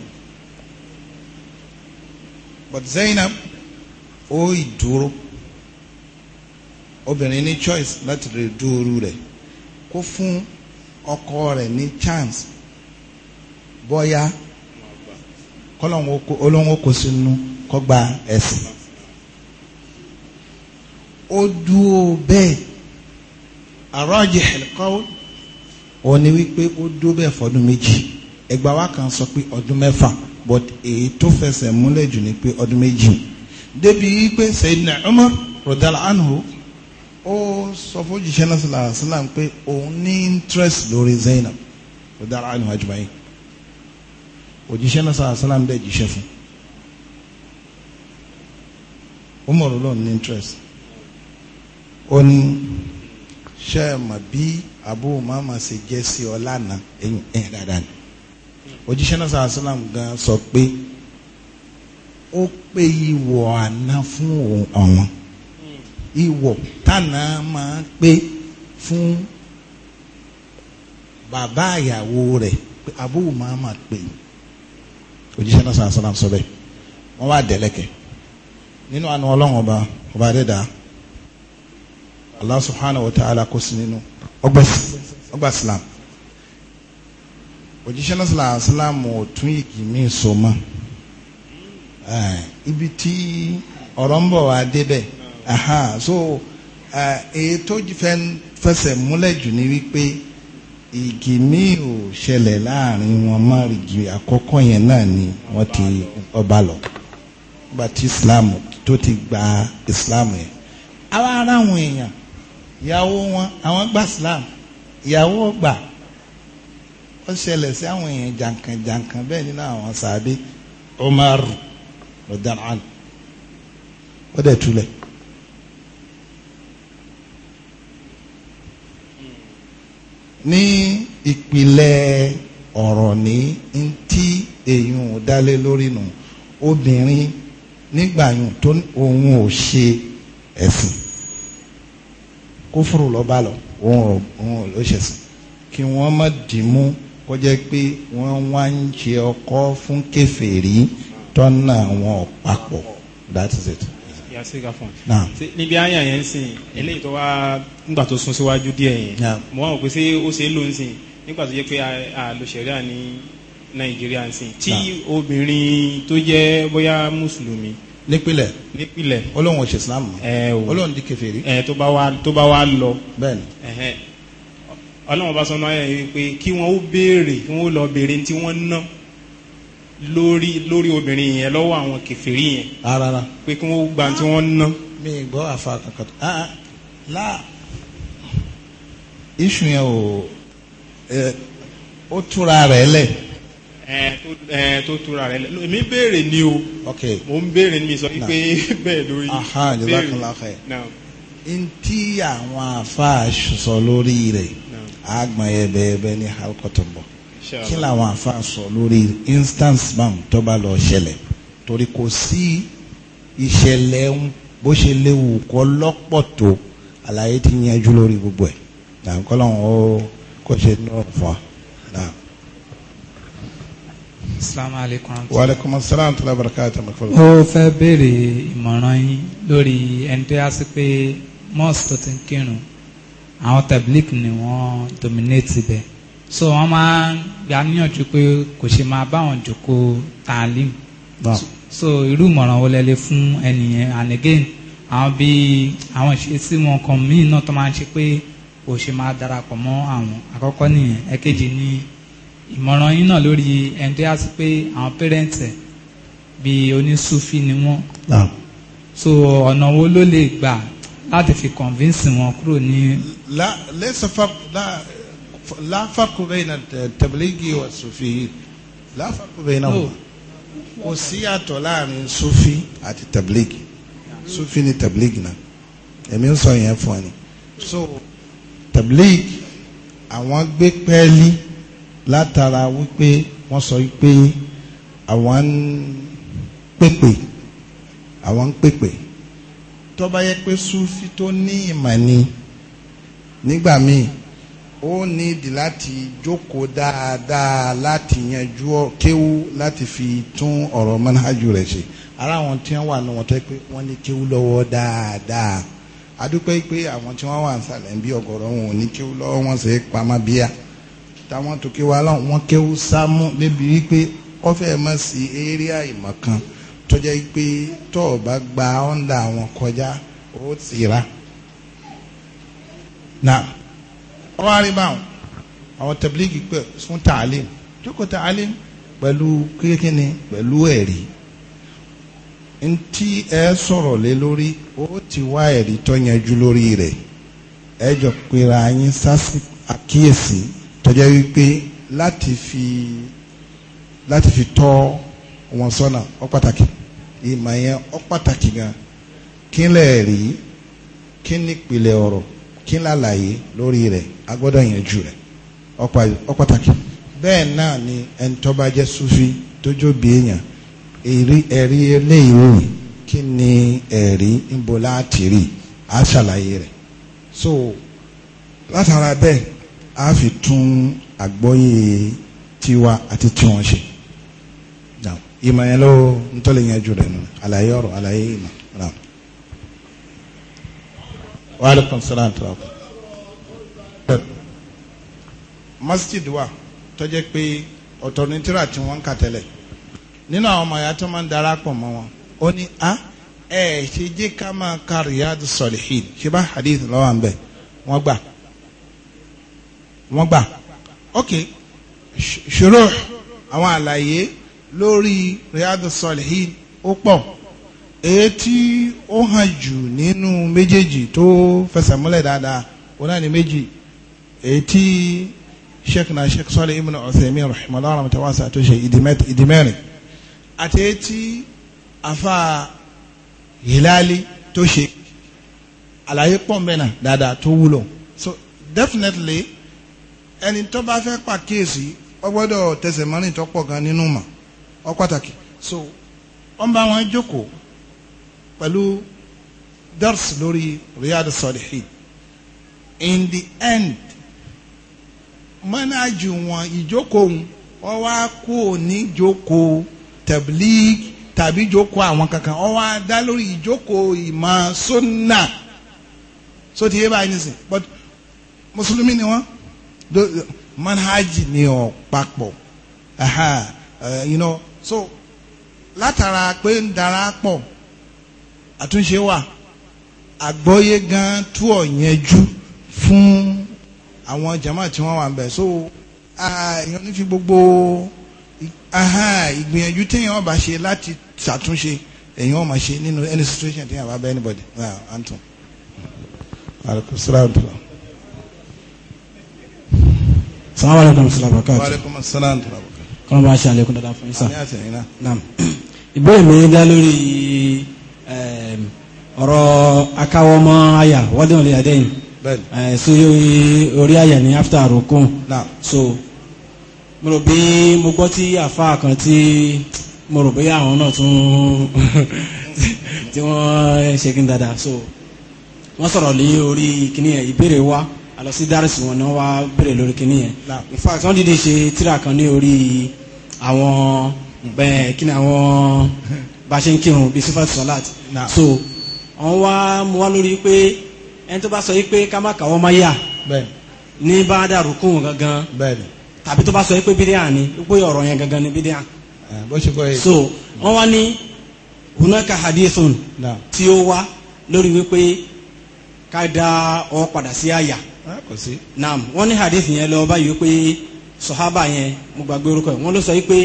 Speaker 1: but Zainab. ó ìdúró obìnrin ní choice láti lè dúró rẹ̀ kó fún ọkọ rẹ̀ ní chance bọ́yá kọ́lọ́hún kò sínú kọ́gbà ẹ̀sìn ó dúró bẹ́ẹ̀ àrọ́jì ẹ̀kọ́ ó ní wípé ó dúró bẹ́ẹ̀ fọdún méjì ẹgbàá wa kan sọ pé ọdún but èyí tó fẹsẹ̀ múlẹ̀ jù ni pé ọdún méjì. débi pé Sayyidina Umar rọdàlá anhu ó sọ fún jíṣẹ́ náà sílá sílá pé òun ní interest lórí Zainab rodal anhu ajma'i òjíṣẹ́ náà sílá sílá ń bẹ jíṣẹ́ fún Umar lóun ní interest ó ní ṣe é mà bí abu mama ṣe jẹ́ sí ọ lánàá ẹ̀yìn ẹ̀yìn dáadáa ni náà sílá sílá o pé iwo àná fún ọ̀wọ́n ìwọ̀ tànà máa pé fún bàbá ìyàwó rẹ̀ abúrò máa máa pè òjíṣẹ́ náà sàn sàn sọ wọ́n wá dẹ̀lẹ́kẹ̀ nínú àna ọlọ́run ọba ọba dẹ́dà Allah subhanahu wa nínú ọgbà islam òjíṣẹ́ náà sàn sàn sàn mọ̀ tún ìkì mí so Eh, ibi tí ọ̀rọ̀ ń bọ̀ wá débẹ̀ so eh, èyí tó fẹsẹ̀ múlẹ̀ jù ni wípé igi míì ò ṣẹlẹ̀ láàrin wọn mọ́ igi àkọ́kọ́ yẹn náà ni wọ́n ti ọba lọ ọba tí Islam tó ti gba Islam yẹn àwa ara àwọn èèyàn ìyàwó wọn àwọn gba Islam ìyàwó gbà ó ṣẹlẹ̀ sí àwọn èèyàn jàǹkànjàǹkàn bẹ́ẹ̀ nínú àwọn sàbí Omar rọdàn án ó dẹ̀ túlẹ̀. ní ìpìlẹ̀ ọ̀rọ̀ ní ntí èyàn ò dálé lórí nù obìnrin nígbàyàn tó òun ò ṣe ẹ̀sìn kófòrò lọ́ba lọ òun ò ló ṣẹ̀sìn kí wọ́n má dìímú kó jẹ́ pé wọ́n wá ń ṣe ọkọ fún kèfèrí tọ́nà wọn papọ̀ that is it.
Speaker 3: níbi àyà yẹn ń sìn eléyìí tó wá nígbà tó sún síwájú díẹ̀ yẹn mo wá wò pé ṣé ó ṣe é ló ń sìn nígbà tó yẹ pé àlòṣẹ̀ríà ní nàìjíríà ń sìn tí obìnrin tó jẹ́ bóyá mùsùlùmí nípìlẹ̀ nípìlẹ̀ olóhùn òṣè islam olóhùn di kèfèrí. ẹ tó bá wá tó bá wá lọ. bẹ́ẹ̀ni. ọlọ́run bá sọ náà yẹ pé kí wọ́n ó béèrè kí wọ́n ó lọ béèrè tí wọ́n ná lórí lórí obìnrin yẹn lọ́wọ́ àwọn kèfèrí yẹn. rárá pé kí wọ́n gba tí wọ́n ná. mi gbọ́ àfa kankan tó ah, ah láà iṣu yẹn o ó túra rẹ̀ lẹ̀ tó tura rẹ mi béèrè ni o mo ń béèrè ni mi sọ pé *laughs* bẹ́ẹ̀ lórí béèrè n
Speaker 1: tí àwọn afa sọ lórí rẹ̀ àgbọn yẹn bẹ́ẹ̀ bẹ́ẹ̀ ní alkọtọ̀ bọ̀ kí làwọn afa sọ lórí instance bam tó bá lọ ṣẹlẹ̀ torí kò sí ìṣẹ̀lẹ̀ bó ṣe léwu kọ́ lọ́pọ̀ tó àlàyé ti yanjú lórí gbogbo ẹ̀ nà kọ́lọ́hún ó kò ṣe ní ọ̀fọ̀ nà. Assalamu alaikum. Wa alaikum assalam tó lábàrá káyọ̀ tó máa fọlọ́. Ó
Speaker 3: fẹ́ béèrè ìmọ̀ràn yín lórí ẹni tó yá sí pé mosque tó ti ń kírun àwọn tablik ni wọ́n dominate bẹ́ẹ̀ so wọ́n máa gbà níyànjú pé kò ṣe máa báwọn jòkó taalim so irú ìmọ̀ràn wo lẹ́lẹ́ fún ẹnìyẹn and again àwọn bíi àwọn ìṣesí wọn kan míì náà tó máa ń ṣe pé kò ṣe máa darapọ̀ mọ́ àwọn àkọ́kọ́ nìyẹn ẹ̀kejì ni ìmọ̀ràn yín náà lórí ẹni tó yá sí pé àwọn parents ẹ̀ bíi onísúfì ni wọ́n so ọ̀nà wo ló lè gbà láti fi convince wọn kúrò ní.
Speaker 1: la lẹ́sọ̀fà la لا فرق بين التبليغ والصوفي لا فرق بينهما kò sí àtọ̀ láàrin sufi àti tablig sufi ni tablig na, èmi ń sọ yẹn fún ni so tablig àwọn gbé pẹ́ẹ́lí látara wípé wọ́n sọ wípé àwọn ń pèpè àwọn ń pèpè tó yẹ pé sufi tó ní ìmọ̀ ni nígbà míì ó nídìí láti jókòó dáadáa láti yanjú kéwú láti fi tún ọ̀rọ̀ mọ́nájú rẹ̀ ṣe ara àwọn tí wọ́n wà ní wọ́n tẹ́ pé wọ́n ní kéwú lọ́wọ́ dáadáa adúpẹ́ pé àwọn tí wọ́n wà ń sàlẹ̀ ń bí ọ̀gọ̀rọ̀ wọn ò ní kéwú lọ́wọ́ wọn sì pamọ́ bíyà táwọn tó kéwú aláwọ̀ wọn kéwú sámú débi wípé wọ́n mọ̀ sí eré àìmọ̀ kan tó jẹ́ pé tó o bá gba ọ̀ndà àwọn kọjá ó ti ra. Now ọwọ́ àríbáwọn àwọn tẹ̀blígì pẹ̀ fún tààlìm jókòó tààlìm pẹ̀lú kíkíni pẹ̀lú ẹ̀rí ntí ẹ sọ̀rọ̀ lé lórí ó ti wá ẹ̀rí tó yanjú lórí rẹ̀ ẹ jọ pera yín sásì àkíyèsí tọ́jà wípé láti fi láti fi tọ́ wọn sọ́nà ọ pàtàkì ìmọ̀ yẹn ọ pàtàkì gan kí lè rí kí nípìnlẹ̀ ọ̀rọ̀ kí lálàyé lórí rẹ̀ agbọ́dọ̀ yanjú rẹ̀ ọ̀pàtàkì bẹ́ẹ̀ náà ni ẹni tó bá jẹ́ sufi tójó bí èèyàn ẹ̀rí eléyìí wò kí ni ẹ̀rí ńbọ láti rí a ṣàlàyé rẹ̀ so látara bẹ́ẹ̀ a fi tún àgbọ́yé tiwa àti tiwọn ṣe ìmọ̀ yẹn ló ń tọ́lé yanjú rẹ̀ nù àlàyé ọ̀rọ̀ àlàyé ìmọ̀ wa alaikum salaam tura masjid wa tó jẹ́ pé ọ̀tọ̀ ní tíra tí wọ́n kà tẹ́lẹ̀ nínú àwọn ọmọ ya tó máa ń darapọ̀ mọ́ wọn ó ní a ẹ ṣe jẹ́ ká máa ka Riyadus Salihin ṣe bá hadith lọ́wọ́ à ń bẹ̀ gbà wọ́n gbà ok ṣòro àwọn àlàyé lórí Riyadus Salihin ó pọ̀ èyí ó hàn jù nínú méjèèjì tó fẹsẹ̀ múlẹ̀ dáadáa wọn náà ní méjì sheikh na sheikh Salih ibn Uthaymin rahimahullah rahmatawasa tó ṣe ìdí àti afa Hilali tó ṣe àlàyé pọ̀ mẹ́nà dáadáa tó wúlò so definitely ẹni tó bá fẹ́ pàkíyèsí ó gbọ́dọ̀ tẹsẹ̀ mọ́rin tó pọ̀ gan nínú mọ̀ pàtàkì so wọ́n bá wọn jókòó pẹ̀lú dars lórí Riyadu Salihin in the end mọ́nájú wọn ìjókòó wọn wá kú ní ìjókòó tablig tàbí ìjókòó àwọn kankan wọn wá dá lórí ìjókòó ìmọ̀ sunna so ti yé báyìí nísìn but mùsùlùmí ni wọn manhaji ni ọ papọ̀ aha uh, you know so látara pé ń darapọ̀ àtúnṣe wà àgbọ́yé gan tú ọ̀yẹ́jú fún àwọn jama tí wọ́n wà bẹ̀ so èèyàn ní fi gbogbo ìgbìyànjú téèyàn bá ṣe láti ṣàtúnṣe èèyàn ò máa ṣe nínú any situation téèyàn bá bẹ anybody well anton. aleykum salaam tula.
Speaker 4: salaam aleykum salaam bakaatu. wa aleykum salaam tula bakaatu. kọ́nà bá a ṣe àlékún dáadáa fún yín sá. ìbéèrè mi dá lórí ọ̀rọ̀ akáwọ́ mọ́ àyà wọ́dún orí adéyìn sí orí àyà ní after rukun so mo rò bí mo gbọ́ tí àfa kan tí mo rò bóyá àwọn náà tún *laughs* tí wọ́n ṣe kí n dada so wọ́n sọ̀rọ̀ lé orí kíní yẹn ìbéèrè wa àlọ́ sí dárẹ́sì wọn náà wá béèrè lórí kíní yẹn in fact wọ́n dìde ṣe tíra kan ní orí àwọn hmm. bẹ́ẹ̀ kí ni àwọn bá ṣe ń kírun bíi sífàtì sọláàtì so wọn wá mú wá lórí pé ẹni tó bá sọ yìí pé ká má kà wọ́n má yà ní bá dàrú kún gangan tàbí tó bá sọ yìí pé bídíà ni pé ọ̀rọ̀ yẹn gangan ni bídíà so wọ́n wá ní hunaka hadithun tí ó wá lórí wípé ká dá ọ padà sí àyà naam wọ́n ní hadith yẹn lọ báyìí wípé sọ̀hábà yẹn mo gbàgbé orúkọ yẹn wọ́n ló sọ wípé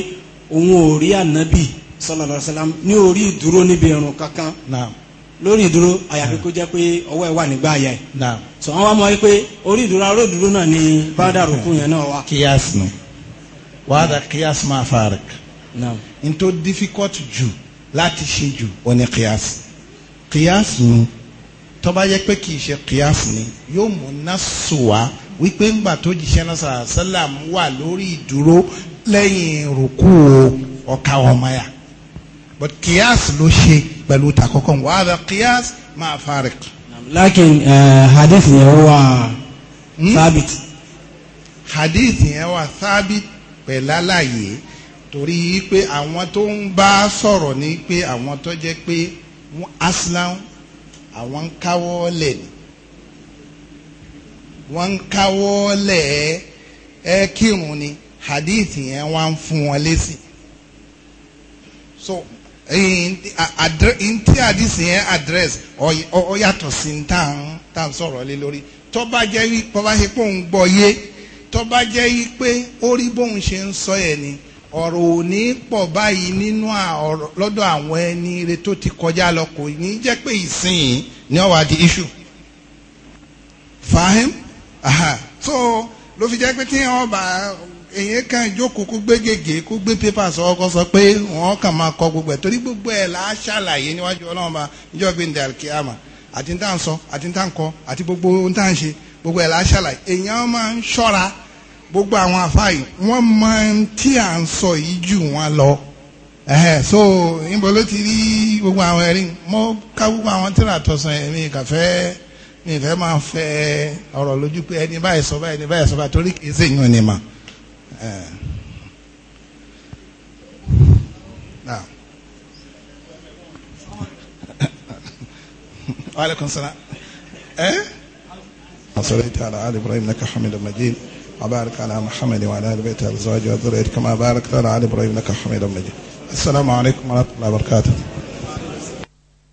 Speaker 4: òun ò rí ànábì sallallahu alaihi wasallam ní orí ìdúró níbi ẹ̀rùn kankan lórí ìdúró àyàfi kó jẹ́ pé ọwọ́ ẹ̀ wà nígbà àyà ẹ̀ so wọ́n wá mọ̀ pé orí ìdúró aró ìdúró náà ni bàdà rúkú yẹn náà wà.
Speaker 1: kíyàs nù wàhálà kíyàs máa fàrẹ̀ n difficult ju, láti ṣe jù ó ní kíyàs kíyàs nù tó bá yẹ pé kì í ṣe kíyàs ni yóò mú násù wá wípé ńgbà tó jíṣẹ́ náà sàlám wà lórí ìdúró lẹ́yìn rúkú ọ̀ka ọmọ yà but kíyàs ló ṣe pẹ̀lú takọ́kọ́ wà á kíyàs máa fárik. lakin eh, hadith yẹn wà hmm? thabit. hadith yẹn wà thabit pẹ̀lú àlàyé torí pé àwọn tó ń bá sọ̀rọ̀ ni pé àwọn tó jẹ́ pé aslan àwọn ń káwọ́ lẹ̀ ni wọ́n ń káwọ́ lẹ̀ ẹ́ kírun ni hadith yẹn wá ń fún wọn lésì. so Eh, ntí àdìsí yẹn address ọ yàtọ̀ sí ní tá à ń sọ̀rọ̀ lé lórí tó bá jẹ́ wípé bọ́bá ṣe pé òun gbọ́ yé tó bá jẹ́ wípé ó rí bóun ṣe ń sọ ẹ̀ ni ọ̀rọ̀ ò ní pọ̀ báyìí nínú lọ́dọ̀ àwọn ẹni ire tó ti kọjá lọ kò ní jẹ́ pé ìsìn ni ó di issue fahim aha so ló fi jẹ́ pé tí wọ́n bá èyàn kan ìjókòó kó gbé gègé kó gbé pépà sọ ọkọ sọ pé wọn kàn máa kọ gbogbo ẹ torí gbogbo ẹ là á ṣàlàyé níwájú Ọlọ́run bá níjọ́ bíi àti ntàn àti ntàn àti gbogbo ntàn ṣe gbogbo ẹ là á ṣàlàyé èyàn máa ń gbogbo àwọn afáyì wọ́n máa ń tí à ń sọ jù wọ́n lọ so níbo ló ti rí gbogbo àwọn نعم *laughs* وعليكم السلام ايه صليت على ال ابراهيم انك حميد مجيد وبارك على محمد وعلى ال بيت الزواج وذريته كما باركت على ال ابراهيم انك حميد مجيد السلام عليكم ورحمه الله وبركاته